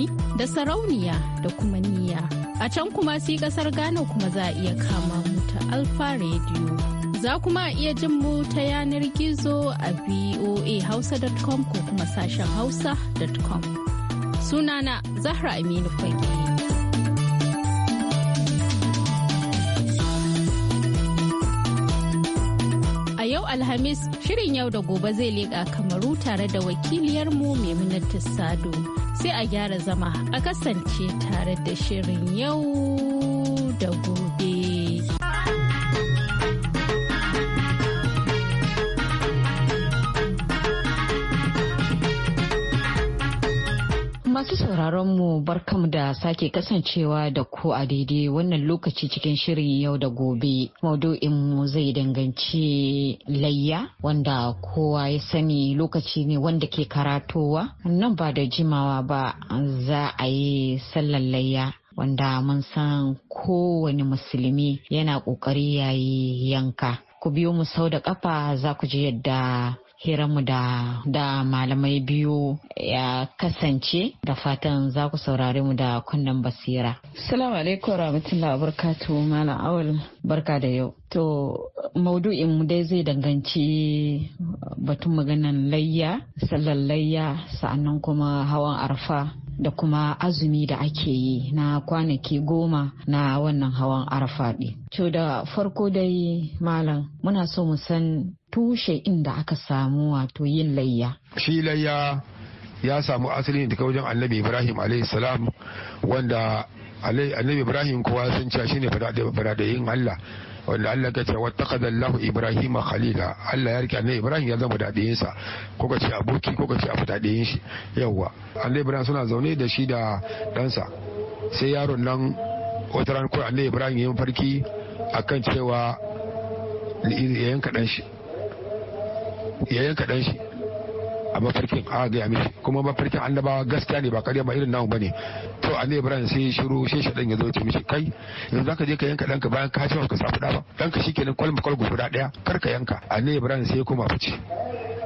amfani da sarauniya da kuma niyya. A can kuma si kasar Ghana kuma za a iya kama mu ta Alfa Radio. Za kuma a iya jin mu ta yanar gizo a voahausa.com ko kuma sashen hausa.com. Sunana Zahra Aminu Fage. yau Alhamis shirin yau da gobe zai leƙa kamaru tare da wakiliyarmu Maimunatu Sado. sai a gyara zama a kasance tare da shirin yau da gobe. Masu sauraron mu barkamu da sake kasancewa da ku a daidai wannan lokaci cikin shirin yau da gobe. mu zai danganci layya wanda kowa ya sani lokaci ne wanda ke karatowa. Nan ba da jimawa ba za a yi sallar layya wanda mun san kowane musulmi yana ƙoƙari yayi yanka. Ku biyo mu sau da ƙafa za ku ji yadda hiranmu da, da malamai biyu ya kasance da fatan za ku saurare mu da kunnen basira. Salamu alaikum rahmatullahi barkatu malam awal barka da yau. To maudu'in mu dai zai danganci batun maganan layya, sallar layya sa'annan kuma hawan arfa da kuma azumi da ake yi na kwanaki goma na wannan hawan arfa ɗi. To da farko dai malam muna so mu san tushe inda aka samu wato yin layya shi layya ya samu asali daga wajen annabi ibrahim salam wanda annabi ibrahim kowa sun cewa ne faradayin allah wanda Allah ya ce wattaqada lahu Ibrahim khalila Allah ya rike annabi Ibrahim ya zama dadayin sa ko ka ce aboki ko ka ce afdadayin shi yawa annabi Ibrahim suna zaune da shi da ɗansa sai yaron nan wata ran ko annabi Ibrahim ya yi farki akan cewa ya yanka dan shi ya yanka dan shi a mafarkin a gaya mishi kuma mafarkin annabawa gaskiya ne ba karya ba irin namu bane to annabi ibrahim sai shiru sai shaɗan ya zo ce mishi kai yanzu zaka je ka yanka danka bayan ka ci ka samu da ba danka shikenan kwalma kwal guda daya kar ka yanka annabi ibrahim sai ya koma fice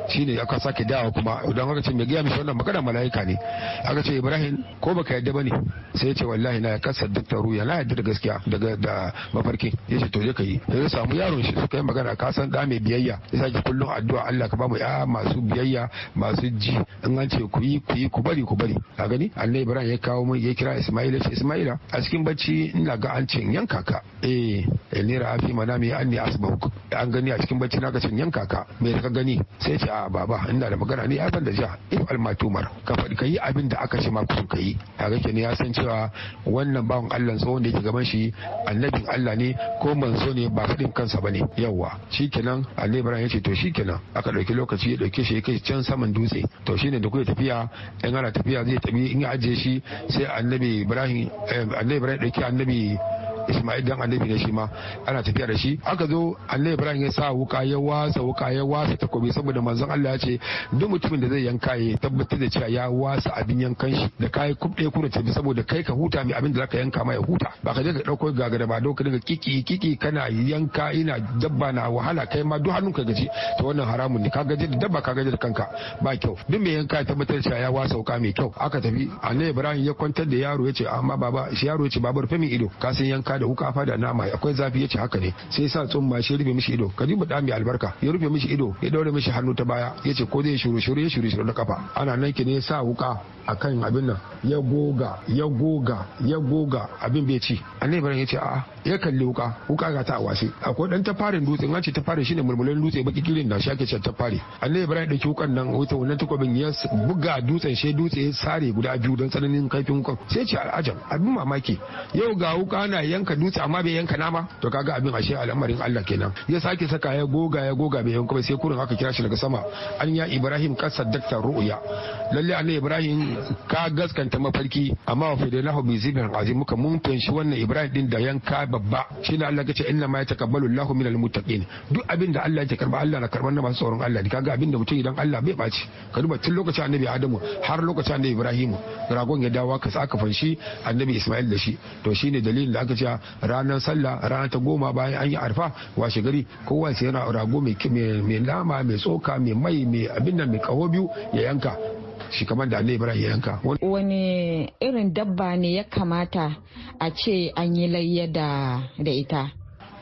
shine aka sake dawa kuma idan aka ce mai gaya mishi wannan magana mala'ika ne aka ce ibrahim ko baka yadda bane sai ya ce wallahi na kasar duk ta ruya na yadda da gaskiya daga da mafarkin ya ce to je ka yi ya samu yaron shi suka yi magana ka san da mai biyayya ya sake kullum addu'a Allah ka ba mu ya masu biyayya masu ji in an ce ku yi ku yi ku bari ku bari a gani Allah ibrahim ya kawo mun ya kira ismaila ce ismaila a cikin bacci ina ga an ce yanka ka eh elnira afi manami anni asbahuk an gani a cikin bacci na ka ce yanka ka me ka gani sai ce a baba ina da magana ne ya san da ja if almatumar ka faɗi ka yi abin da aka ce ma kusa ka yi a rake ya san cewa wannan bawan allah tsohon da yake gaban shi annabin allah ne ko manzo ne ba faɗin kansa ba ne yawwa shikenan annabi ibrahim ya ce to shikenan aka ɗauki lokaci ya ɗauke shi ya kai can saman dutse to shine da kuke tafiya in ana tafiya zai tafi in ya ajiye shi sai annabi ibrahim eh, annabi ibrahim ɗauki annabi Ismail dan annabi ne shi ma ana tafiya da shi aka zo annabi Ibrahim ya sa wuka ya wasa wuka ya wasa takobi saboda manzon Allah ya ce duk mutumin da zai yanka ya tabbatar da cewa ya wasa abin yankan shi da kai kub ɗaya kuna tafi saboda kai ka huta mai abin da zaka yanka ma ya huta ba ka je ka dauko gagara ba ka daga kiki kiki kana yanka ina dabba na wahala kai ma duk hannunka gaji to wannan haramun ne ka gaji da dabba ka gaji da kanka ba kyau duk mai yanka ya tabbatar da ya wasa wuka mai kyau aka tafi annabi Ibrahim ya kwantar da yaro ya ce amma baba shi yaro ya ce babar famin ido ka san yanka yanka da wuka fa da nama akwai zafi yace haka ne sai sa tsumma shi rufe mishi ido ka duba da mai albarka ya rufe mishi ido ya daure mishi hannu ta baya yace ko zai shuru shuru ya shuru shuru na kafa ana nan ki ne sa wuka akan abin nan ya goga ya goga ya goga abin bai ci annabi ibrahim ya ce a ya kalli wuka wuka ga ta a akwai dan tafarin dutse ngace ce tafarin shine mulmulan dutse baki kirin da shake ce tafari annabi ibrahim dauki wukan nan wuta wannan takobin ya buga dutsen she dutse ya sare guda biyu don tsananin kaifin wukan sai ce al'ajab abin mamaki yau ga wuka na yanka dutse amma bai yanka nama to kaga abin ashe al'amarin Allah kenan ya sake saka ya goga ya goga bai yanka ba sai kurin aka kira shi daga sama an ya ibrahim kasaddakta ru'ya lalle annabi ibrahim ka gaskanta ta mafarki amma wa fidana bi zibin azim muka mun fanshi wannan Ibrahim din da yanka babba shi ne Allah gace inna ma lahu Allahu minal muttaqin duk abin da Allah ya karba Allah na karban na masu tsoron Allah ne kaga abin da mutum idan Allah bai baci ka duba tun lokacin Annabi Adamu har lokacin Annabi Ibrahim ragon ya dawo ka aka fanshi Annabi Ismail da shi to shi ne dalilin da aka ce ranar sallah rana ta goma bayan an yi arfa washe gari kowa sai yana rago mai nama mai tsoka mai mai mai abin nan mai kaho biyu ya yanka shi kamar da Allah Ibrahim ya yanka. Wani irin dabba ne ya kamata a ce an yi layya da ita?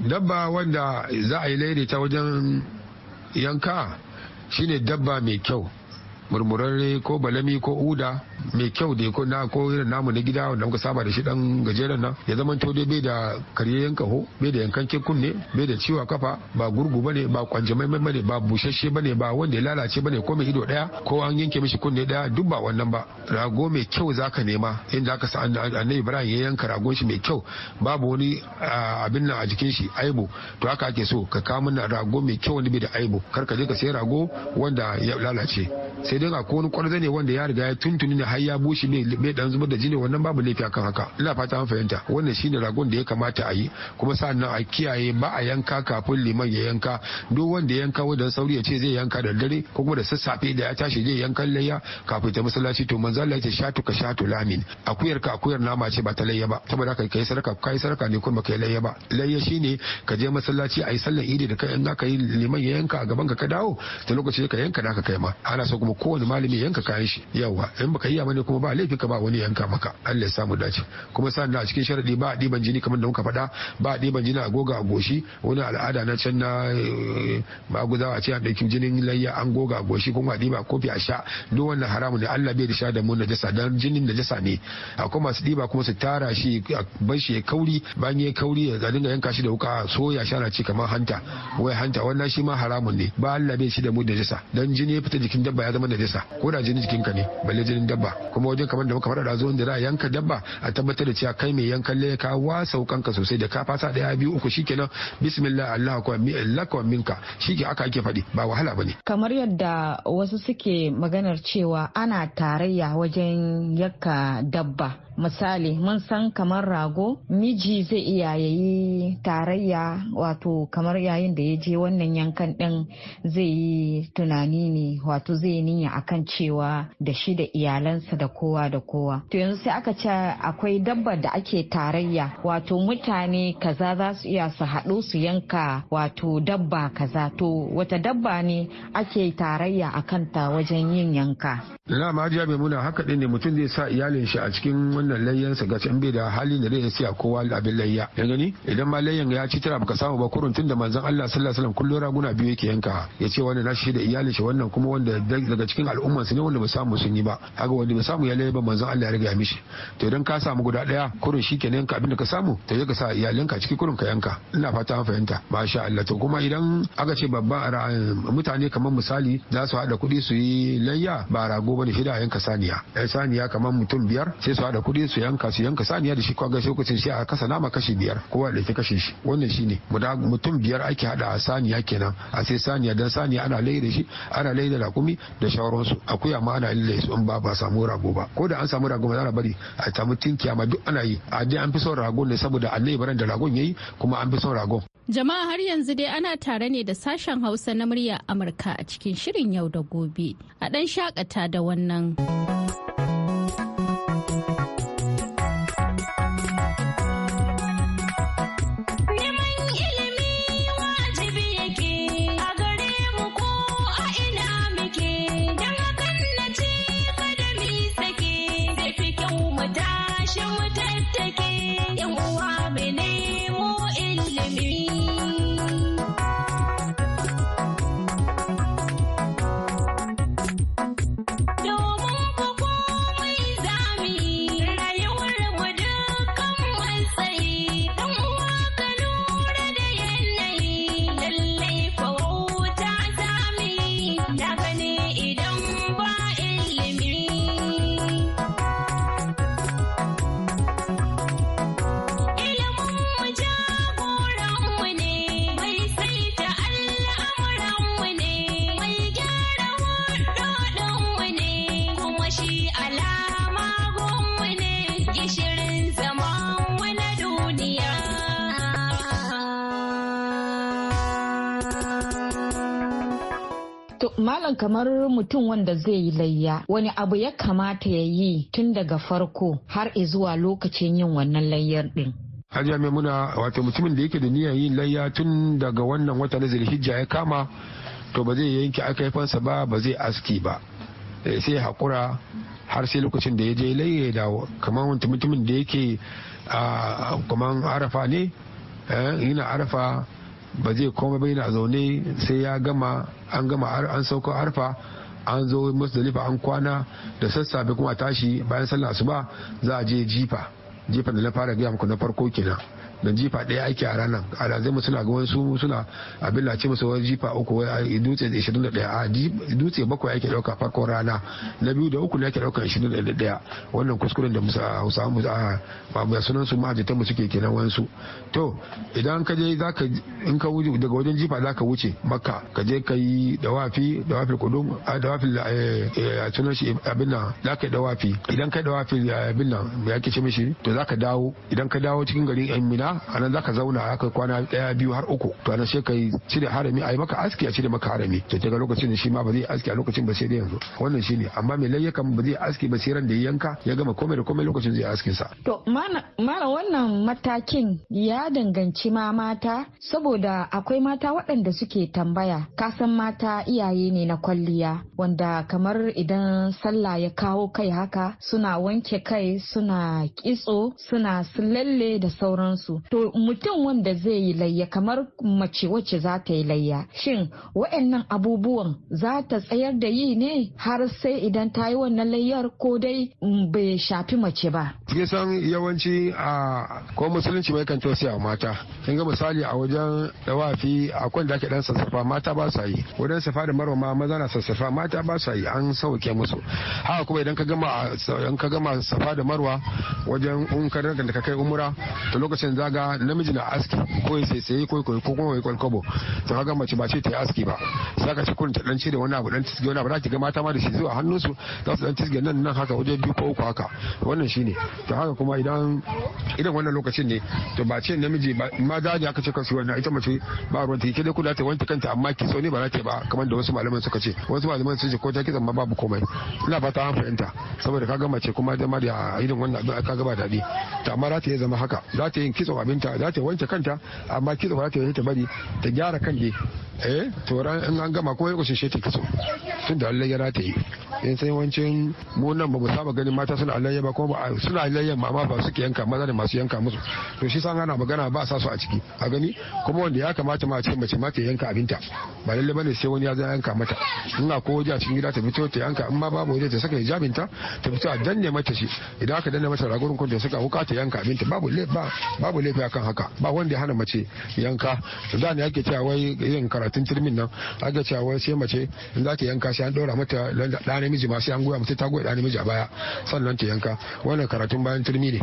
Dabba wanda za a yi layya ta wajen yanka shine dabba mai kyau murmurarre ko balami ko uda mai kyau da ko na ko irin namu na gida wanda muka saba da shi dan gajeren nan ya zama to dai bai da karyayyen kaho bai da ke kunne bai da ciwa kafa ba gurgu bane ba kwanjamai bane ba bushashe bane ba wanda ya lalace bane ko mai ido daya ko an yanke mishi kunne daya duk ba wannan ba rago mai kyau zaka nema inda aka sa annabi Ibrahim ya yanka ragon shi mai kyau babu wani abin nan a jikin shi aibu to haka ake so ka kawo mana rago mai kyau wanda bai da aibu kar ka je ka sayi rago wanda ya lalace sai dai ga ko wani kwarza ne wanda ya riga ya tuntuni ne har ya bushe me dan zubar da jini wannan babu laifi akan haka ina fata an fahimta wannan shine ragon da ya kamata a yi kuma nan a kiyaye ba a yanka kafin liman ya yanka duk wanda yanka wadan sauri ya ce zai yanka da dare ko kuma da sassafe da ya tashi zai yanka layya kafin ta masallaci to manzo Allah ya ce shatu ka shatu lamin akuyar ka akuyar nama ce ba ta layya ba saboda kai kai sarka kai sarka ne kuma kai layya ba layya shine ka je masallaci a yi sallar idi da kai in ka yi liman ya yanka a gaban ka ka dawo ta lokaci ka yanka da ka kai ma ana so kuma kowane malami yanka kayan shi yawa in baka yi biya bane kuma ba laifi ka ba wani yanka maka Allah ya samu dace kuma sannan a cikin sharadi ba a diban jini kamar da muka faɗa ba a diban jini a goga a goshi wani al'ada na can na eh, maguzawa ce a ɗauki jinin layya an goga a goshi kuma a diba kofi a sha duk wannan haramun ne Allah bai da sha da mu jasa dan jinin da jasa ne akwai masu diba kuma su tara shi a bar shi ya kauri bayan ya kauri ya dinga yanka shi da wuka soya shana ce kamar hanta wai hanta wannan shi ma haramun ne ba Allah bai shi da mu jasa dan jini ya fita jikin dabba ya zama jasa ko da jinin jikinka ne balle jinin dabba kuma wajen kamar da muka faɗa da zuwan da za a yanka dabba a tabbatar da cewa kai mai yankan laye ka wasa kanka sosai da ka fasa daya biyu uku shikenan bismillah Allah akbar mi lakwa minka shike aka ake faɗi ba wahala ba ne. kamar yadda wasu suke maganar cewa ana tarayya wajen yanka dabba misali mun san kamar rago miji zai iya yayi tarayya wato kamar yayin da ya je wannan yankan ɗin zai yi tunani ne wato zai niyya akan cewa da shi da iyalansa da kowa da kowa to yanzu sai aka ce akwai dabbar da ake tarayya wato mutane kaza za su iya su haɗu su yanka wato dabba kaza to wata dabba ne ake tarayya a kanta wajen yin yanka. Na ma mai muna haka ɗin ne mutum zai sa iyalin shi a cikin wannan layyan sa gaci bai da hali da zai siya kowa abin layya ya gani idan ma layyan ya ci tara baka samu ba kurun tun da manzon Allah sallallahu alaihi wasallam kullu raguna biyu yake yanka ya ce wannan nashi da iyalin shi wannan kuma wanda daga cikin al'umman su ne wanda ba samu sun yi ba haka wanda ba samu ya layya ba manzon Allah ya riga mishi to idan ka samu guda daya kurun shi kenan yanka abin da ka samu to ya ka sa iyalinka ciki kurun ka yanka ina fata an fahimta masha Allah to kuma idan aka ce babban mutane kamar misali za su hada kuɗi su yi layya ba rago bane shi da yanka saniya saniya kamar mutum biyar sai su hada kudin su yanka su yanka saniya da shi kwa gashi lokacin shi a kasa nama kashi biyar kowa da ke kashe shi wannan shi ne mutum biyar ake hada a saniya kenan a sai saniya dan saniya ana laida shi ana laida rakumi da shawaransu akuya ma ana laida su in ba ba samu rago ba ko da an samu rago ba za a bari a samu tinkiya ma duk ana yi a dai an fi son ragon ne saboda Allah baran da ragon yayi kuma an fi son ragon Jama'a har yanzu dai ana tare ne da sashen Hausa na murya Amurka a cikin shirin yau da gobe. A dan shakata da wannan. misalin kamar mutum wanda zai yi layya wani abu ya kamata ya yi tun daga farko har zuwa lokacin yin wannan layyar din. Hajiya Maimuna wato mutumin da yake da niyyar yin layya tun daga wannan wata na Zulhijja ya kama to ba zai yanke akaifansa ba ba zai aski ba eh, sai hakura har sai lokacin da ya je layya ya kamar wani mutumin da yake ah, kamar arafa ne eh, yana arafa ba zai koma bai na zaune sai ya gama an gama an sauko harfa an zo dalifa an kwana da sassafe kuma tashi bayan sallah asuba za a je jifa jifa da na fara gaya muku na farko kenan da jifa ɗaya ake a ranar alazai suna ga wasu suna abin da musu wani jifa uku wai dutse 21 a dutse bakwai ake ɗauka farkon rana na biyu da uku ne ake ɗauka 21 wannan kuskuren da hausawa musu a babu sunan su mahajjatan musu ke kenan wansu to idan ka je ka in ka wuce daga wajen jifa ka wuce makka ka je ka yi dawafi dawafi kudum dawafi a eh, eh, sunan shi abin nan ka yi dawafi idan ka yi dawafi eh, abin nan ya ke ce mishi to ka dawo idan ka dawo cikin garin yan mina a nan zaka zauna haka kwana daya biyu har uku to anan sai kai cire harami a yi maka aski a cire maka harami to daga lokacin da shi ma ba zai aski a lokacin ba sai dai yanzu wannan shine amma mai layya kan ba zai aski ba sai ran da ya yanka ya gama komai da komai lokacin zai askin sa to mana wannan matakin ya danganci ma mata saboda akwai mata waɗanda suke tambaya kasan mata iyaye ne na kwalliya wanda kamar idan sallah ya kawo kai haka suna wanke kai suna kitso suna sulalle da sauransu to mutum wanda zai yi layya kamar mace wacce za ta yi layya shin wa'annan abubuwan za ta tsayar da yi ne har sai idan ta yi wannan layyar ko dai mm, bai shafi mace ba kin san yawanci a ko musulunci mai sai a mata kin ga misali a wajen dawafi akwai da ake dan sassafa mata ba sa yi wajen safa da marwa ma maza na sassafa mata ba sa yi an sauke musu haka kuma idan ka gama in ka gama safa da marwa wajen in ka da ka kai umura to lokacin zaga namiji na aski ko ya sai ko ko ko ko ko ko to kaga mace ba ce ta aski ba sai ka ci kun ta dan cire wani abu dan tisge wani abu za ki ga mata ma da shi zuwa hannunsu za su dan tisge nan nan haka waje biyu ko uku haka wannan shine to haka kuma idan idan wannan lokacin ne to ba ce namiji ba ma da ne aka ce kansu wannan ita mace ba ruwan ta ke da kula ta wanke kanta amma ki so ne ba za ta ba kamar da wasu malaman suka ce wasu malaman sun ce ko ta ki zama babu komai ina fata an fahimta saboda kaga mace kuma da mariya da irin wannan abin aka gaba dadi ta amma za ta iya zama haka za ta yi kitso abinta za ta wanke kanta amma kitso ba za ta yi ta bari ta gyara kan eh to in an gama ko ya shi ta kitso tun da alayya na ta yi in sai wancin mu nan ba mu saba ganin mata suna alayya ba kuma suna alayya ma ba suke yanka maza ne masu yanka musu to shi san ana magana ba sa su a ciki a gani kuma wanda ya kamata ma a ce mace ma ta yanka abinta ba lalle bane sai wani ya zai yanka mata ina ko waje a cikin gida ta fito ta yanka in ma babu waje ta saka hijabin ta ta fito a danne mata shi idan aka danne mata ragurin kun ta saka wuka ta yanka abinta babu ba babu laifi akan haka ba wanda ya hana mace yanka da ne ake cewa wai yin karatun turmin nan ake cewa wai sai mace in za ta yanka sai an dora mata da namiji ma sai an goya mata ta goya da namiji a baya sannan ta yanka wannan karatun bayan turmi ne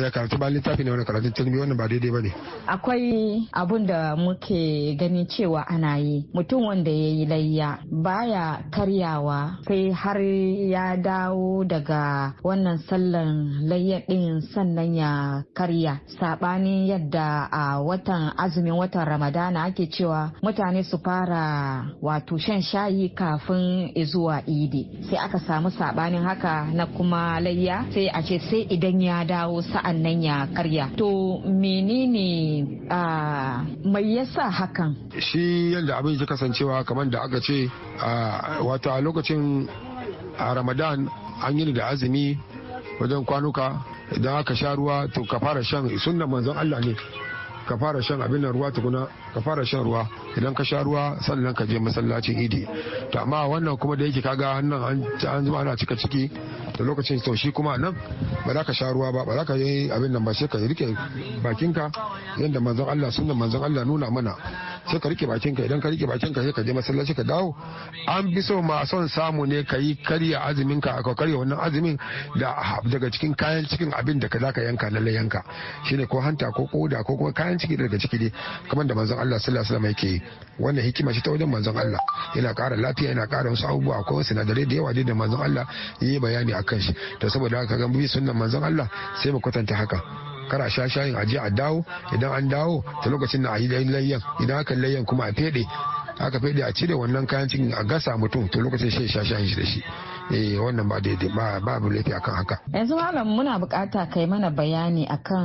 da karatun bayan littafi ne wannan karatun turmi wannan ba daidai ba ne. akwai abun da muke gani cewa ana yi mutum wanda ya yi layya baya karyawa sai har ya dawo daga wannan sallan layya din sannan ya karya sabanin yadda a watan azumin watan ramadana ake cewa mutane su fara wato shan shayi kafin nan zuwa idi sai aka samu sabanin haka na kuma layya sai a ce sai idan ya dawo sa'an nan ya karya to menene mai yasa hakan shi yadda abin ji kasancewa kamar da aka ce wato a lokacin a ramadan an yi da azumi wajen kwanuka idan aka sha ruwa to ka fara shan sunan manzon Allah ne ka fara shan abin ruwa tukuna ka fara shan ruwa idan ka sha ruwa sannan ka je masallacin idi to amma wannan kuma da yake kaga hannun an zuma ana cika ciki da lokacin to shi kuma nan ba za ka sha ruwa ba ba za ka yi abin nan ba sai ka rike bakinka yadda manzon Allah sunnan manzon Allah nuna mana sai ka rike bakinka idan ka rike bakinka sai ka je masallaci ka dawo an bi so ma son samu ne ka yi karya azumin ka ka karya wannan azumin da daga cikin kayan cikin abin da ka za ka yanka lalle yanka shine ko hanta ko koda ko kuma kayan kayan ciki daga ciki dai kamar da manzon Allah sallallahu alaihi wasallam yake wannan hikima ce ta wajen manzon Allah yana ƙara lafiya yana ƙara wasu abubuwa ko wasu sinadarai da yawa dai da manzon Allah yayi bayani akan shi to saboda haka ga bi sunnan manzon Allah sai mu kwatanta haka kara sha shayin aje a dawo idan an dawo ta lokacin na a yi layyan idan aka layyan kuma a fede aka fede a cire wannan kayan cikin a gasa mutum to lokacin shi sha shayin shi da shi Eh, wannan ba daidai ba babu laifi akan haka yanzu malam muna bukata kai mana bayani akan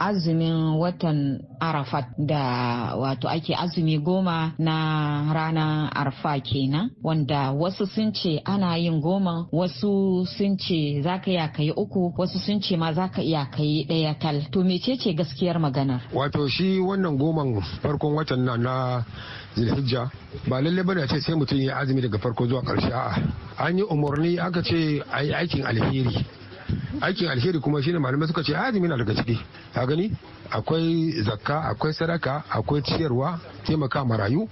azumin watan arafat da wato ake azumi goma na ranar arfa kenan wanda wasu sun ce ana yin goma wasu sun ce za ka iya kai uku wasu sun ce ma za ka iya kai ɗaya tal to mecece gaskiyar maganar wato shi wannan goman farkon watan na na zilhijja ba lallai bane ce sai mutum ya azumi daga farko zuwa ƙarshe a'a an yi umarni aka ce a yi aikin alheri aikin alheri kuma shine malamai suka ce ah, azumi na daga ciki ka gani akwai zakka akwai sadaka akwai ciyarwa taimaka marayu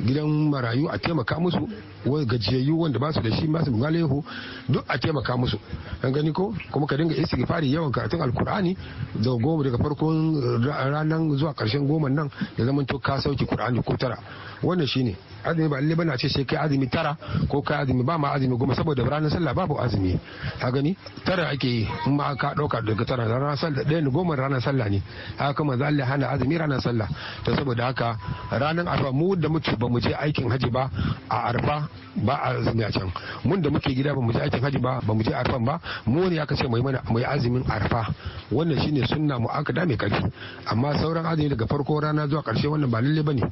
gidan marayu a taimaka musu gajiyayyu wanda ba su da shi ba su galehu duk a taimaka musu an gani ko kuma ka dinga istighfari yawan karatun alkur'ani daga goma daga farkon ranar zuwa karshen goma nan da zama to ka sauki kur'ani ko tara wannan shine azumi ba lalle bana ce sai kai azumi tara ko kai azumi ba ma azumi goma saboda ranar sallah babu azumi ka gani tara ake yi in ma ka dauka daga tara ranar sallah ɗaya ne goma ranar sallah ne haka kama za Allah hana azumi ranar sallah to saboda haka ranar arfa mu da muke ba mu je aikin haji ba a arfa ba a azumi can mun da muke gida ba mu je aikin haji ba ba mu je arfan ba mu ne aka ce mai mana mai azumin arfa wannan shine sunna mu aka da mai karfi amma sauran azumi daga farko rana zuwa karshe wannan ba lalle bane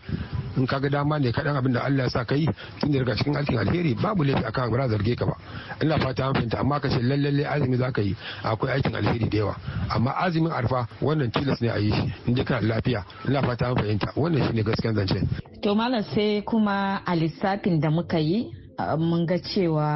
in ka ga dama ne kaɗan abin da Allah ya sa ka yi tun da daga cikin aikin alheri babu laifi a kan ba zarge ka ba ina fata an fahimta amma ka ce azumi za ka yi akwai aikin alheri da yawa amma azumin arfa wannan tilas ne a yi shi in dai kana lafiya ina fata an fahimta wannan shine gaskiyar zance. to malam sai kuma a lissafin da muka yi mun ga cewa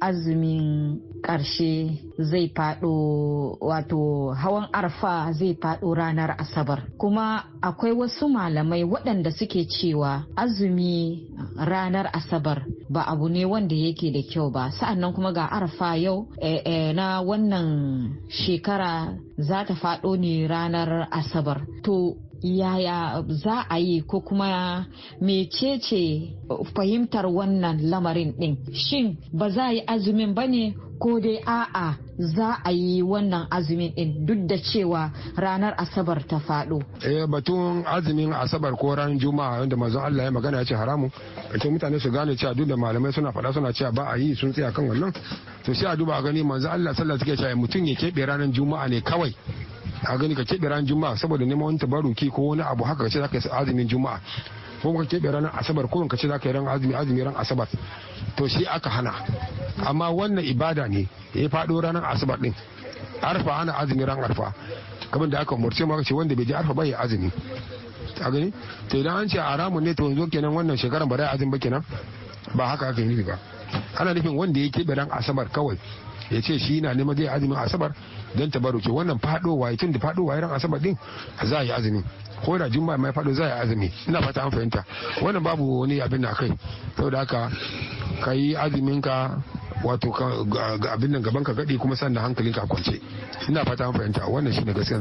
azumin ƙarshe zai faɗo wato hawan arfa zai faɗo ranar asabar kuma akwai wasu malamai waɗanda suke cewa azumi ranar asabar ba abu ne wanda yake da kyau ba sa'annan kuma ga arfa yau eh, eh, na wannan shekara za ta faɗo ne ranar asabar to yaya za a yi ko kuma mecece fahimtar wannan lamarin din shin ba za a yi azumin ba ne ko dai a'a za a yi wannan azumin din duk da cewa ranar asabar ta faɗo. eh batun azumin asabar ko ran juma'a wanda manzon Allah ya magana ya ce haramu kake mutane su gane cewa duk da malamai suna faɗa suna cewa ba a yi sun tsaya kan wannan to sai a duba gani manzo Allah sallallahu alaihi wasallam ya ce mutum ya keɓe ranar juma'a ne kawai a gani ka keɓe ran juma'a saboda neman wani tabaruki ko wani abu haka ka ce za ka yi azumin juma'a ko ka keɓe ranar asabar ko ka ce za ka yi ran azumi azumi ran asabar to shi aka hana amma wannan ibada ne ya faɗo ranar asabar din arfa ana azumi ran arfa kamar da aka umarce mu aka ce wanda bai je arfa ba ya azumi a gani to idan an ce haramun ne to yanzu kenan wannan shekaran ba da azumi ba kenan ba haka aka yi ba ana nufin wanda ya keɓe ran asabar kawai ya ce shi na neman zai azumin asabar don ke wannan fadowa tun da fadowa ran asabar din za a yi azumi ko da jumba mai fado za a yi azumi ina fata an fahimta wannan babu wani abin da kai saboda haka ka yi azumin ka wato ga abin nan gaban ka gadi kuma sannan hankalin ka kwance ina fata an fahimta wannan shine gaskiya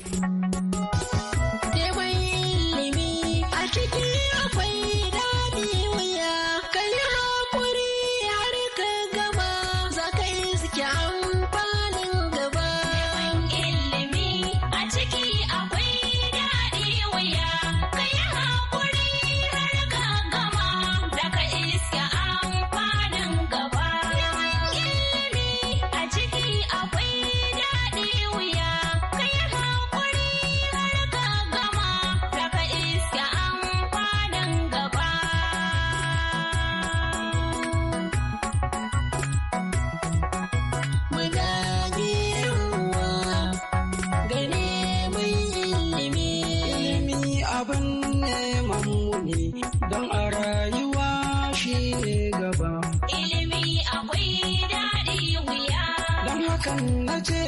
abin neman muni don a rayuwa shi ne gaba. Ilimi akwai daɗi wuya. Don hakan na ce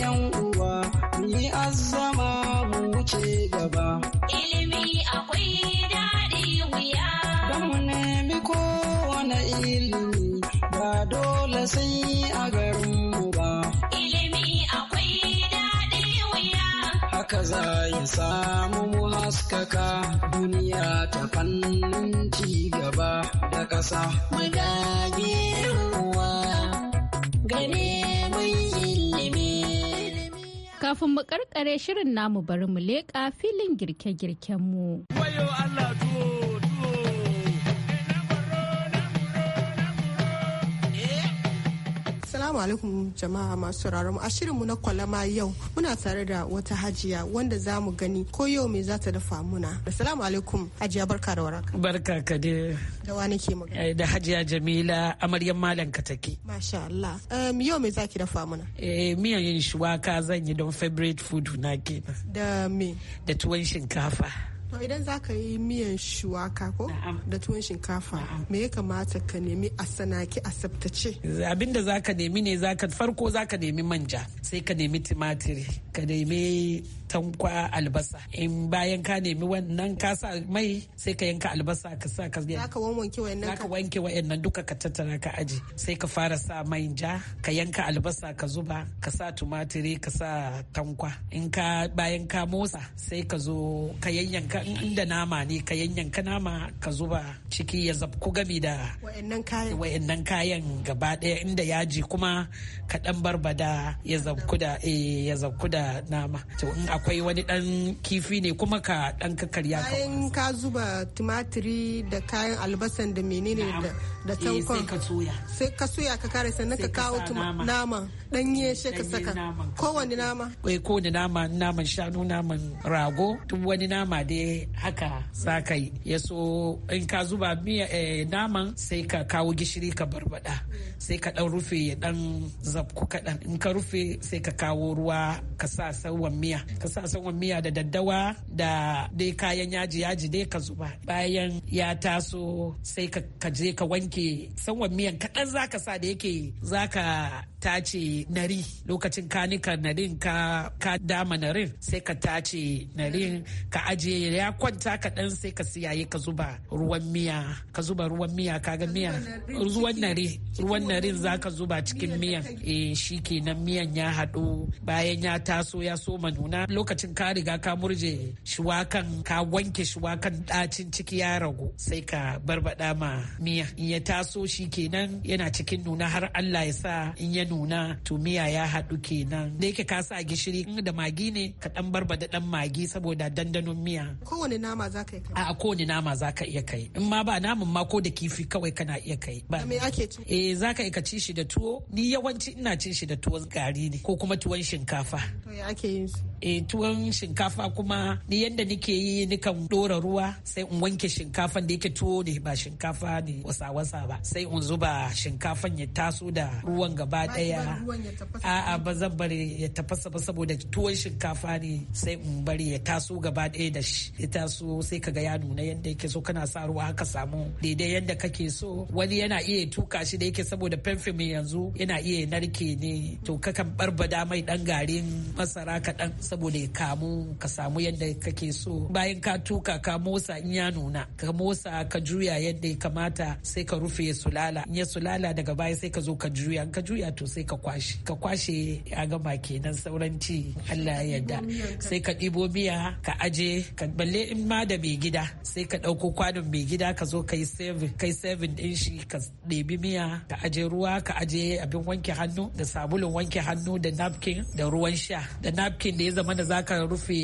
‘yan uwa, ni azama mu wuce gaba. Ilimi akwai daɗi wuya. Don mu nemi kowane ilimi, ba dole sai a gaba. da za ya samu mu haskaka duniya ta fannin ci gaba da ƙasa. Magagi uwa gare Kafin mu karkare shirin namu bari mu leƙa filin girke girken Wayo Allah tuwo! Assalamu alaikum jama'a masu sauraron a shirinmu na kwalama yau muna tare da wata hajiya wanda za mu gani ko yau me za ta dafa muna. Assalamu alaikum hajiya barka da waraka. Barka ka de. Da wani ke magana. Eh, da hajiya Jamila amaryan malam ka take. Masha Allah. yau me za ki dafa muna? Eh miyan yin shuwaka zan yi don favorite food na kenan. Da me? Da tuwon shinkafa. To idan za ka yi miyan shuwaka ko da tuwon shinkafa me ya kamata ka nemi a sanaki a tsaftace? Abinda za ka nemi ne za farko za ka nemi manja sai ka nemi tumatir ka nemi tankwa albasa in bayan ka nemi wannan ka sa mai sai ka yanka albasa ka sa ka ka wanke wayannan ka wanke duka ka tattara ka aji sai ka fara sa mai ja ka yanka albasa ka zuba ka sa tumatiri ka sa tankwa in ka bayan ka motsa sai ka zo ka yanyanka inda nama ne ka yanyanka nama ka zuba ciki ya ku gami da wayannan kayan gaba daya inda yaji kuma ka dan barbada ya zabku da eh, ya zabku da nama to in akwai wani dan kifi ne kuma ka dan kakkarya ka Kayan ka zuba tumatiri da kayan albasan da menene da da taukon eh, sai ka soya ka kare sannan ka kawo nama danye shi ka saka kowane nama kai kowane nama naman shanu naman rago duk wani nama da haka sakai ya so in ka zuba miya eh, naman sai ka kawo gishiri ka barbada sai ka dan rufe ya dan zabku kaɗan in ka rufe sai ka kawo ruwa ka sa sauwan miya ka sa sauwan miya da daddawa da dai kayan yaji yaji dai ka zuba bayan ya taso sai ka je ka wanke san sanwan miyan kaɗan zaka sa da yake zaka tace nari lokacin kanikan narin ka ka dama narin sai ka tace narin ka ajiye ya kwanta kaɗan sai ka siyaye ka zuba ruwan miya ka zuba ruwan miya kaga miya ruwan nari ruwan narin za ka zuba cikin miyan e shi kenan miyan ya haɗu bayan ya taso ya soma nuna lokacin ka riga ka murje shuwakan ka wanke shuwakan ɗacin ciki ya ragu sai ka barbaɗa ma miya in ya taso shi kenan yana cikin nuna har Allah ya sa in ya nuna to miya ya haɗu kenan da yake ka sa gishiri da magi ne ka dan da ɗan magi saboda dandanon miya kowane nama za ka yi a kowane nama za ka iya kai in ma ba namun ma ko da kifi kawai kana iya kai ba me ake ci eh za ka ci shi da tuwo ni yawanci ina cin shi da tuwon gari ne ko kuma tuwon shinkafa to ya ake yin su eh tuwon shinkafa kuma ni yanda nike yi nikan dora ruwa sai in wanke shinkafan da yake tuwo ne ba shinkafa ne wasa wasa ba sai in zuba shinkafan ya taso da ruwan gaba ɗaya tsaya a'a ba zan bari ya tafasa ba saboda tuwon shinkafa ne sai in bari ya taso gaba ɗaya da shi ya taso sai kaga ya nuna yadda yake so kana sa ruwa haka samu daidai yadda kake so wani yana iya tuka shi da yake saboda fenfe mai yanzu yana iya narke ne to kakan barbada mai dan garin masara kaɗan saboda ya kamu ka samu yadda kake so bayan ka tuka ka motsa in ya nuna ka motsa ka juya yadda ya kamata sai ka rufe sulala in ya sulala daga baya sai ka zo ka juya in ka juya to sai ka kwashe ka kwashe ya gama kenan sauran ci Allah ya yarda sai ka ɗibo miya ka aje ka balle in ma da mai gida sai ka ɗauko kwanon mai gida ka zo kai seven kai seven ɗin shi ka ɗebi miya ka aje ruwa ka aje abin wanke hannu da sabulun wanke hannu da napkin da ruwan sha da napkin da ya zama da zaka rufe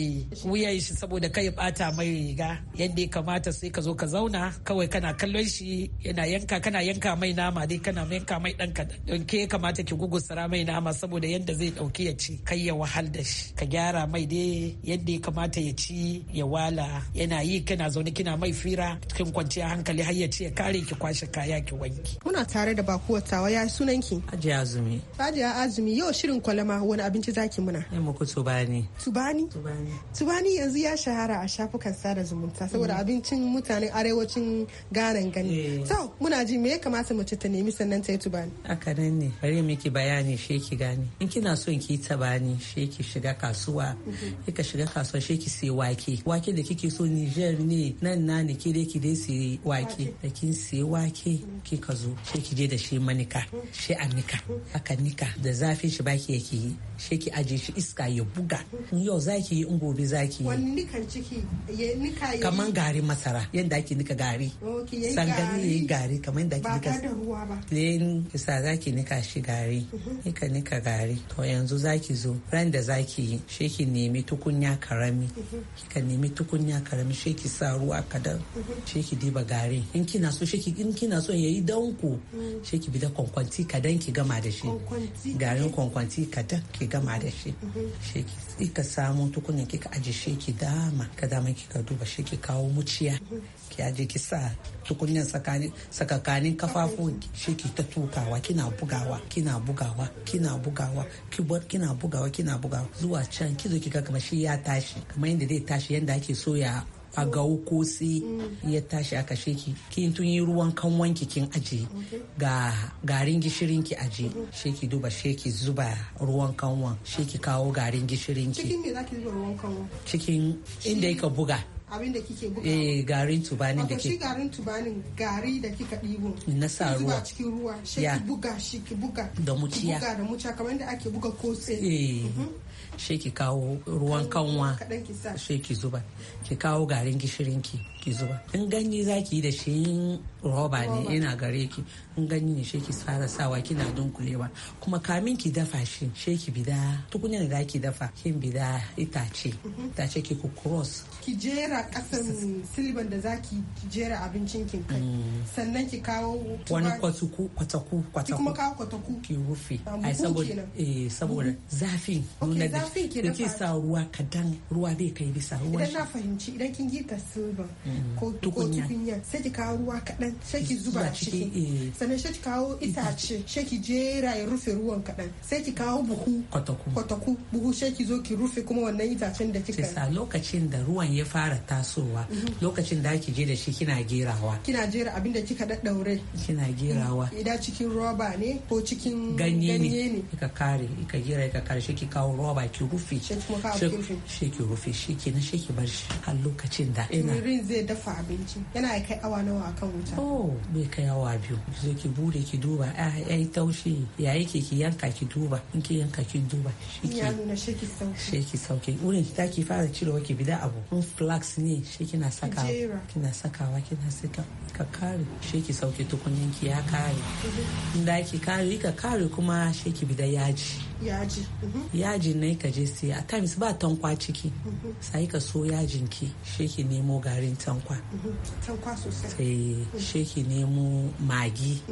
wuyan shi saboda kai bata mai riga yadda ya kamata sai ka zo ka zauna kawai kana kallon shi yana yanka kana yanka mai nama dai kana yanka mai ɗan kaɗan ke kamata ki sara mai nama saboda yadda zai dauki ya ci kai ya wahal da shi ka gyara mai dai yadda ya kamata ya ci ya wala yana yi kana zaune kina mai fira cikin kwanciya hankali har ya ci ya kare ki kwashe kaya ki wanki muna tare da baku wata ya sunan ki ajiya azumi ajiya azumi yau shirin kwalama wani abinci zaki muna ne muku tubani tubani tubani yanzu ya shahara a shafukan sada zumunta saboda mm. abincin mutanen arewacin ganan gani so eh. muna ji me ya kamata mace ta nemi sannan ta yi tubani haka nan ne bari mu miki bayani she ki gane in kina son ki tabani she ki shiga kasuwa kika shiga kasuwa she ki sai wake wake da kike so Niger ne nan na ne ki dai ki dai sai wake da kin sai wake kika zo she ki je da shi manika shi a nika aka nika da zafin shi baki yake yi she ki aje shi iska ya buga in yau zaki yi in gobe zaki yi wani nikan ciki ya nika ya kaman gari masara yadda ake nika gari sangare yayi gari kaman yanda ake nika ba da ruwa ba ne isa zaki nika shi gari gari nika nika gari to yanzu zaki zo ran da zaki yi shi ki nemi tukunya karami kika nemi tukunya karami shi ki sa ruwa kadan shi ki diba gari in kina so shi in kina so yayi danko shi ki bi da kwankwanti kadan ki gama da shi garin kwankwanti kadan ki gama da shi shi ki ka samu tukunya kika aje shi ki dama ka dama kika duba shi ki kawo muciya ki aje ki sa tukunyan sakakanin kafafu shi ki ta tukawa kina bugawa kina kina bugawa kina bugawa kina bugawa kina bugawa zuwa can kizo kika kamar shi ya tashi kamar yadda zai tashi yadda ake soya a gawo sai ya tashi a kashe ki kin tun yi ruwan kanwan ki kin aje ga garin gishirin ki aje she ki duba she zuba ruwan kanwan she ki kawo garin gishirin ki cikin cikin inda yaka buga abin da kike buga eh garin tubanin da ke shi garin tubanin gari da kika ɗibo na sa ruwa cikin ruwa shi ki buga shi ki buga da muciya buga da muciya kamar da ake buga kotse eh mhm. shi ki kawo ruwan kanwa shi ki zuba ki kawo garin gishirinki ki zuba in ganye za ki yi da shi roba ne yana gare ki in ganye ne shi ki fara sawa kina dunkulewa kuma kamin ki dafa shi shi ki bida tukunyar da ki dafa kin bida itace mhm. itace ki ku cross ki jera kasan silban da za ki jera abincin ki. Mm. sannan ki kawo wani kwatuku kwataku kwataku kuma kawo kwataku ki rufe ah, ai saboda eh saboda zafin nuna da ki sa ruwa kadan ruwa bai kai bisa ruwa idan na fahimci idan kin gita silban ko mm. tukunya sai ki kawo ruwa kaɗan sai ki zuba ciki eh. sannan sai ki kawo itace sai ki jera ya rufe ruwan kaɗan sai ki kawo buhu kwataku buhu sai ki zo ki rufe kuma wannan itacen da kika sa lokacin da ruwan ya fara tasowa mhm. lokacin da ki je da shi kina gerawa kina jera abin da kika daddaure kina gerawa mm. idan cikin roba ne ko cikin ganye ne kika kare kika gera kika kare sai ki kawo roba ki rufe shi ka rufe shi ki na shi ki bar shi har lokacin da ina zai dafa abinci yana kai awa nawa kan wuta oh bai kai awa biyu sai ki bude ki duba a ah, yayi taushi ya yake ki yanka ki duba in ki yanka ki duba shi ya nuna sheki sauki shi ki sauki wurin ki taki fara cirewa ki bida abu in flax ne shi kina saka kina sakawa kina saka ka kare shi ki sauki tukunin ki ya kare mhm. inda ki kare ka kare kuma shi ki bida yaji yaji mhm. yaji na ka je siya a times ba tankwa ciki mhm. sai ka so yajin ki sheki nemo garin tankwa mhm. tankwa sosai sai eh, sheki nemo magi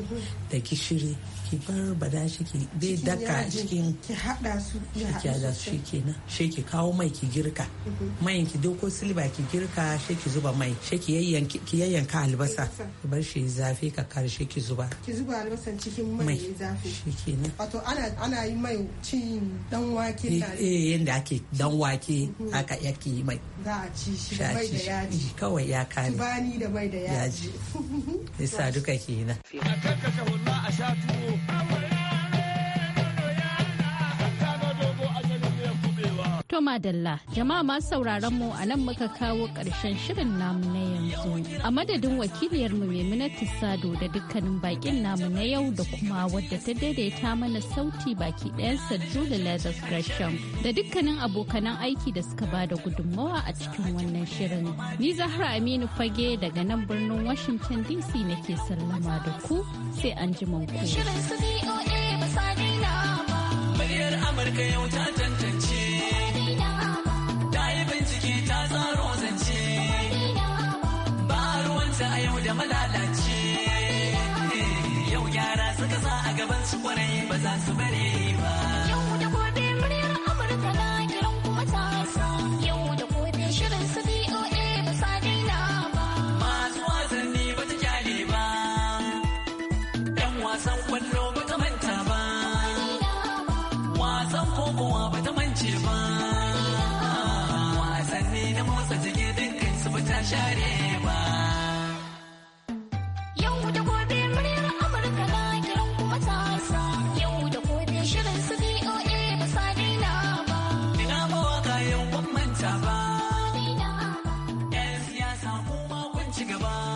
da gishiri ki bar bada shi ke dai daka cikin ki da su ki ke su shi ke kawo mai ki girka mhm. Mai ki doko silba ki girka shi ki zuba mai shi ki yayyanka ki yayyanka albasa ki bar shi zafi ka kar shi ki zuba ki zuba albasan cikin mai zafi shikenan wato ana ana yi mai cin dan wake eh, da eh yanda ake dan wake mhm. haka yake yi mai za a ci shi da mai da yaji kawai ya kare bani da mai da yaji yasa duka kenan a kakkashe wallah a sha tuwo I you. To Madalla, jama'a masu sauraron mu a nan muka kawo ƙarshen shirin namu na yanzu. A madadin wakiliyar mu Maimunatu Sado da dukkanin bakin namu na yau da kuma wadda ta daidaita mana sauti baki ɗayansa da Leathers Gresham da dukkanin abokanan aiki da suka ba da gudunmawa a cikin wannan shirin. Ni Zahra Aminu Fage daga nan birnin Washington DC nake sallama da ku sai an ji ku. Amurka yau ta kwarai ba za su bare ba